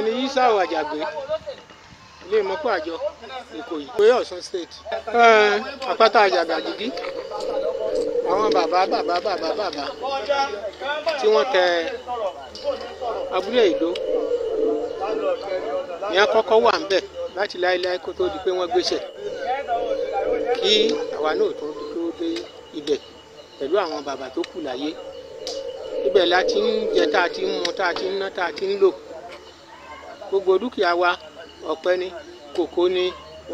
èmi ni yíṣàwọ àjàgbé ilé ìmọ̀pọ̀ àjọ ìkòyí ìwé ọ̀sán state àpáta àjàgbà gidi àwọn bàbá bàbá bàbá bàbá tí wọ́n tẹ abúlé ìdó ìyẹn kọ́kọ́ wà ń bẹ̀ láti láéláé kó tó di pé wọ́n gbéṣẹ̀ kí àwa náà tó tó dé ibẹ̀ pẹ̀lú àwọn bàbá tó kù láyé ibẹ̀ la ti ń jẹ tá a ti ń mu tá a ti ń ná tá a ti ń lò. gbogbo dúkìá wa ọ̀pẹ ni kòkó ni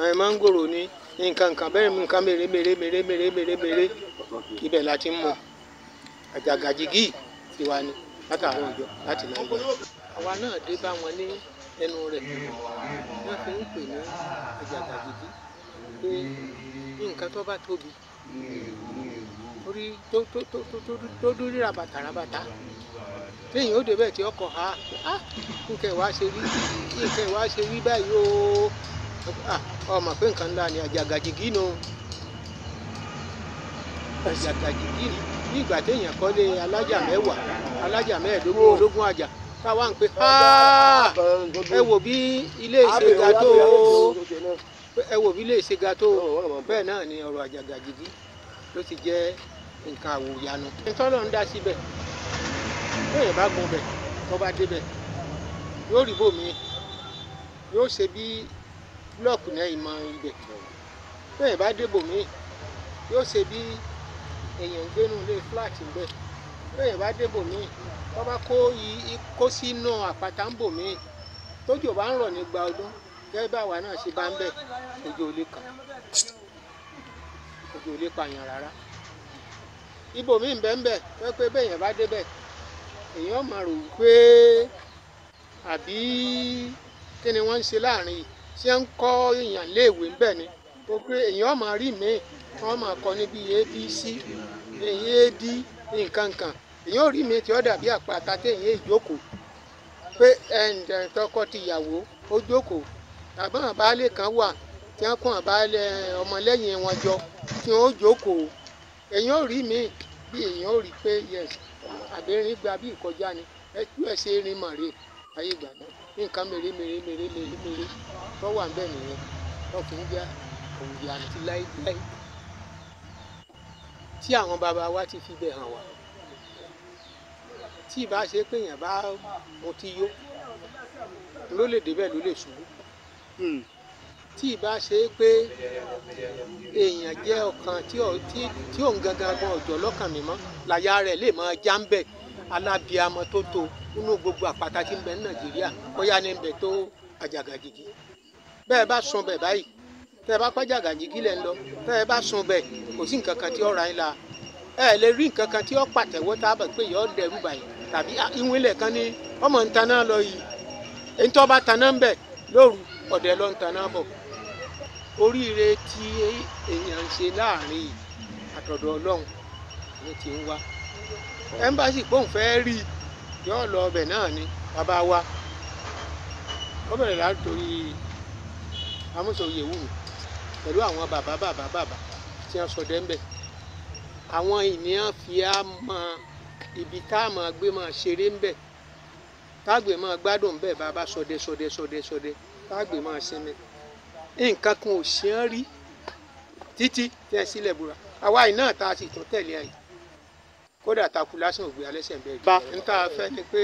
eh, mángòrò ni nǹkan nǹkan bẹ́ẹ̀ nǹkan mèremère bere mèremère ibẹ̀ la ti ń mọ̀ àjàgàjìgì wa ni látàwọn na láti náà yọ. àwa náà dé bá wọn ní ẹnu rẹ̀ wọ́n fi ń ní àjàgàjìgì pé nǹkan téèyàn ó débẹ̀ tí ọkọ̀ ha kí nǹkan ìwà ṣe rí kí nǹkan ìwà ṣe rí báyìí o ọmọ pé nǹkan ńlá ni àjàgàjìgì nu àjàgàjìgì ní ìgbà téèyàn kọ́lé alájà mẹ́wàá alájà mẹ́ẹ̀ẹ́dógún ológun àjà táwa ń pè ẹ wò bí ilé ìṣe ga tó ẹ wò bí ilé ìṣe ga tó bẹ́ẹ̀ náà ni ọ̀rọ̀ àjàgàjìgì ló ti jẹ́ nǹkan àwòyanu. ìtọ́lọ́ ń dá síbẹ̀ téèyàn bá gun bẹ̀ tó bá débẹ̀ yóò rí bòmí yóò ṣe bí búlọ́ọ̀kù náà ìmọ̀ ibẹ̀ téèyàn bá dé bòmí yóò ṣe bí èèyàn ń gbénu ilé flat ń bẹ̀ téèyàn bá dé bòmí tó bá kó kó sínú àpáta ń bòmí tójò bá ń rọ̀ nígbà ọdún gẹ́gẹ́ bá àwa náà ṣe bá ń bẹ̀ ojú ò lè ojú ò pààyàn rárá ibòmí ń bẹ ń bẹ pé pé bẹ́ẹ̀ yẹn bá débẹ̀ èèyàn máa rò wípé àbí kí ni wọ́n ń ṣe láàrin yìí ṣé ń kọ́ èèyàn léèwé ńbẹ̀ ni tó pé èèyàn máa rí míì wọ́n máa kọ́ níbi abc ad nǹkan kan èèyàn ò rí míì tí ó dàbí àpáta tí èèyàn ìjókòó pé tọkọ tìyàwó ó jókòó tàbí àbálẹ̀ kan wà tí wọ́n kún àbálẹ̀ eh, ọmọlẹ́yìn wọn jọ tí wọ́n ó jókòó èèyàn ò rí míì bí èèyàn ò rí pé yes àbí erin gba bí ìkọjá ni ẹtú ẹ ṣe erin mọ̀ rè ayé ìgbà náà nǹkan mèrè mèrè mèrè mèrè mèrè tó wà níbẹ̀ nìyẹn tó fi ń já òòyà àti láíláí tí àwọn bàbá wa ti fi bẹ̀ hàn wá tí ìbá ṣe pé èèyàn bá mutí yó ló lè débẹ̀ ló lè ṣubú. Hmm tí ìbá ṣe é pé èèyàn jẹ́ ọkàn tí òun gangan gan ọ̀jọ̀ lọ́kàn mímọ́ làyà rẹ̀ lè máa já ń bẹ̀ alábìàmọ́ tó tó nínú gbogbo àpáta tí ń bẹ ní nàìjíríà bóyá ní ń bẹ tó àjàgàjìgì bẹ́ẹ̀ bá sun bẹ̀ báyìí tẹ́ ẹ bá pàjàgà jìgì lẹ́ ń lọ tẹ́ ẹ bá sun bẹ̀ kò sí nǹkan kan tí ó ra yín la ẹ lè rí nǹkan kan tí ó pàtẹ́wọ́ tá a bẹ̀ pé yọ dẹ̀rù báyìí tàbí ìwìn ilẹ̀ kan ní ọmọ ń taná lọ yìí èyí tó bá taná ń bẹ̀ lóru ọ̀dẹ̀ ló ń taná bọ̀ oríire tí èèyàn ń ṣe láàrin yìí àtọ̀dọ̀ ọlọ́run ló ti ń wá ẹmbásì pòun fẹ́ rí yóò lọ ọbẹ̀ náà ni bàbá wa ó bẹ̀rẹ̀ látòrí amúsòye wùmí pẹ̀lú àwọn bàbá bàbá bàbá tí wọ́n sọ dẹ́ńbẹ̀ àwọn ènìyàn fi á mọ ibi tá a máa gbé máa ṣeré ńbẹ̀ tágbè máa gbádùn ńbẹ̀ bàbá sọdẹ sọdẹ sọdẹ sọdẹ tágbè máa sinmi nǹkan kan ò ṣe ń rí títí tẹ́ sílẹ̀ búra àwa yìí náà tá a sì tún tẹ̀lé ayé kódà takú lásán ògbé alẹ́sẹ̀ ń bẹ́ẹ̀ bá ń tá a fẹ́ ni pé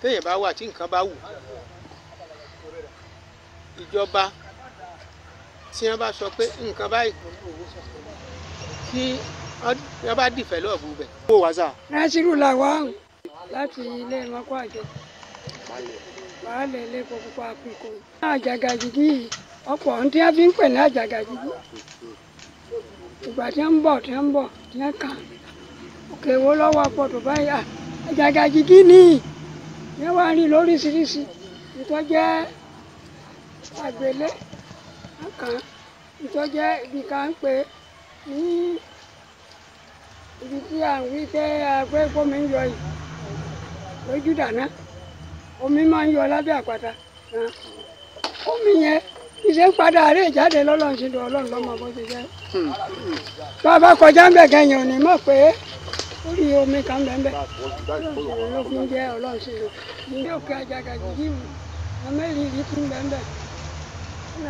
téèyàn bá wà tí nǹkan bá wù ìjọba tí wọ́n bá sọ pé nǹkan báyìí kí wọ́n bá dìfẹ́ lọ́ọ̀bù bẹ̀. Nasiru làwọn láti ilé mọ́kọ́ àjọ. ma a lele bụ ọkpụkpọ ndị a fi n pè ní àjàgàjìgì ìgbà tí ń bọ̀ tí ń bọ̀ tí ń kà òkè wo lọ́wọ́ àpọ̀tò báyìí àjàgàjìgì ni rí lóríṣiríṣi ìtọ́jẹ́ ibi ń pè ní ibi tí à ń wí omi máa ń yọ lábẹ́ àpáta omi yẹn ìṣe ń padà àárẹ̀ ìjáde lọ́lọ́run ṣe lọ ọlọ́run lọ́mọ bó ṣe jẹ́ bàbá kọjá ń bẹ̀ kẹyìn òní mọ̀ pé orí omi kan bẹ̀ ń bẹ̀ ọlọ́run ló fi ń jẹ́ ọlọ́run ṣe lọ ilé òkè àjàgàjì yìí amẹ́rin yìí ti ń bẹ̀ ń bẹ̀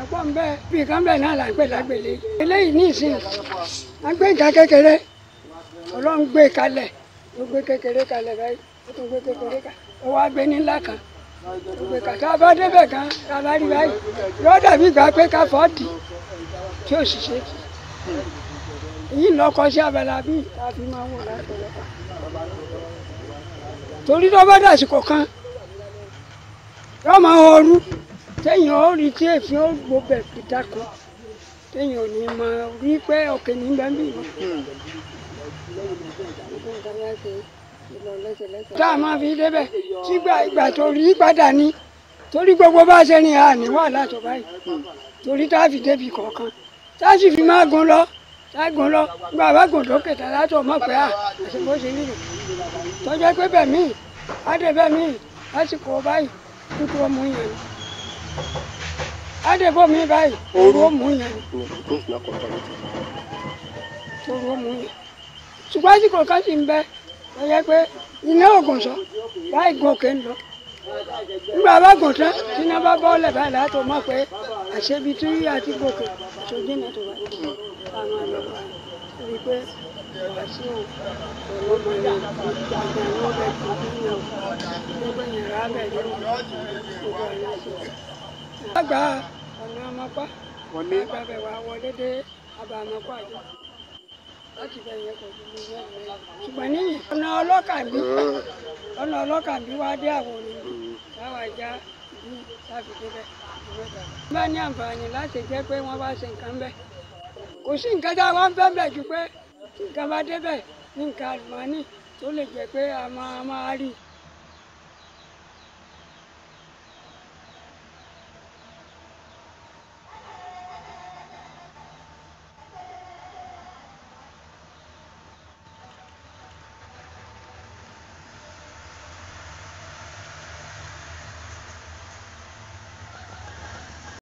ẹ̀pọ̀ ń bẹ̀ bí kan bẹ̀ náà là ń pè lágbèlè eléyìí ní ìsìn àgbẹ̀ ìka kékeré ọlọ́run gbé kalẹ̀ ló gbé kékeré kalẹ̀ báyìí ó tún gbé kékeré kalẹ̀. Wa wá gbé nílá kan òpè bá débẹ̀ kan tá a bá rí báyìí dàbí pé ká fọ́ tí ò sì ṣe kì èyí lọ lọkọ sí abala bí fi máa torí tó bá kan yóò máa horú téèyàn ó rí tí èéfín ó gbobẹ̀ pìtàkù téèyàn ò tá a máa fi débẹ̀ sígbà ìgbà tó rí padà ní torí gbogbo bá ṣe rìn àní wà látọ̀ báyìí torí tá a fi débi kọ̀ọ̀kan tá a sì fi máa gun lọ tá a gun lọ gba àbágùn dókè tá a látọ̀ mọ̀ pé à àti bó ṣe nílò tọ́jú pé bẹ̀ mí á dé bẹ̀ mí lásìkò báyìí kúkú ọmú yẹn ni á dé bọ́ mi báyìí òru ọmú yẹn ni òru ọmú yẹn ṣùgbọ́n àsìkò kan sì ń bẹ́ẹ̀ ó yẹ pé iná ògùn sọ báyìí gòkè ń lọ nígbà bá gùn tán tí iná bá bọ́ọ̀lẹ̀ báyìí látò mọ̀ pé àṣebi tí yíyá ti gòkè tó dínà tó bá yẹ ká máa lọ wá rí i pé wàásù ọ̀rọ̀ mọ̀lá àgbà ló bẹ̀ tó níyàn gbogbo yàrá bẹ̀ ló gbogbo ọ̀nà sí. àgbà ọ̀nà ọmọpá àgbà bẹ̀ wá wọlé dé àbàmọ́pá yìí ṣùgbọ́n níyì ọ̀nà ọlọ́kàbí ọ̀nà ọlọ́kàbí wá dé àwọn onílù táwa já ìlú láti débẹ̀ ìwé wọ́n bá ní àǹfààní láti jẹ́ pé wọ́n bá ṣe nǹkan bẹ́ẹ̀ kò sí nǹkan tá a wá ń fẹ́ bẹ̀ ju pé nǹkan bá débẹ̀ ní nǹkan àlùmọ́ọ́nì tó lè jẹ́ pé a máa rí i.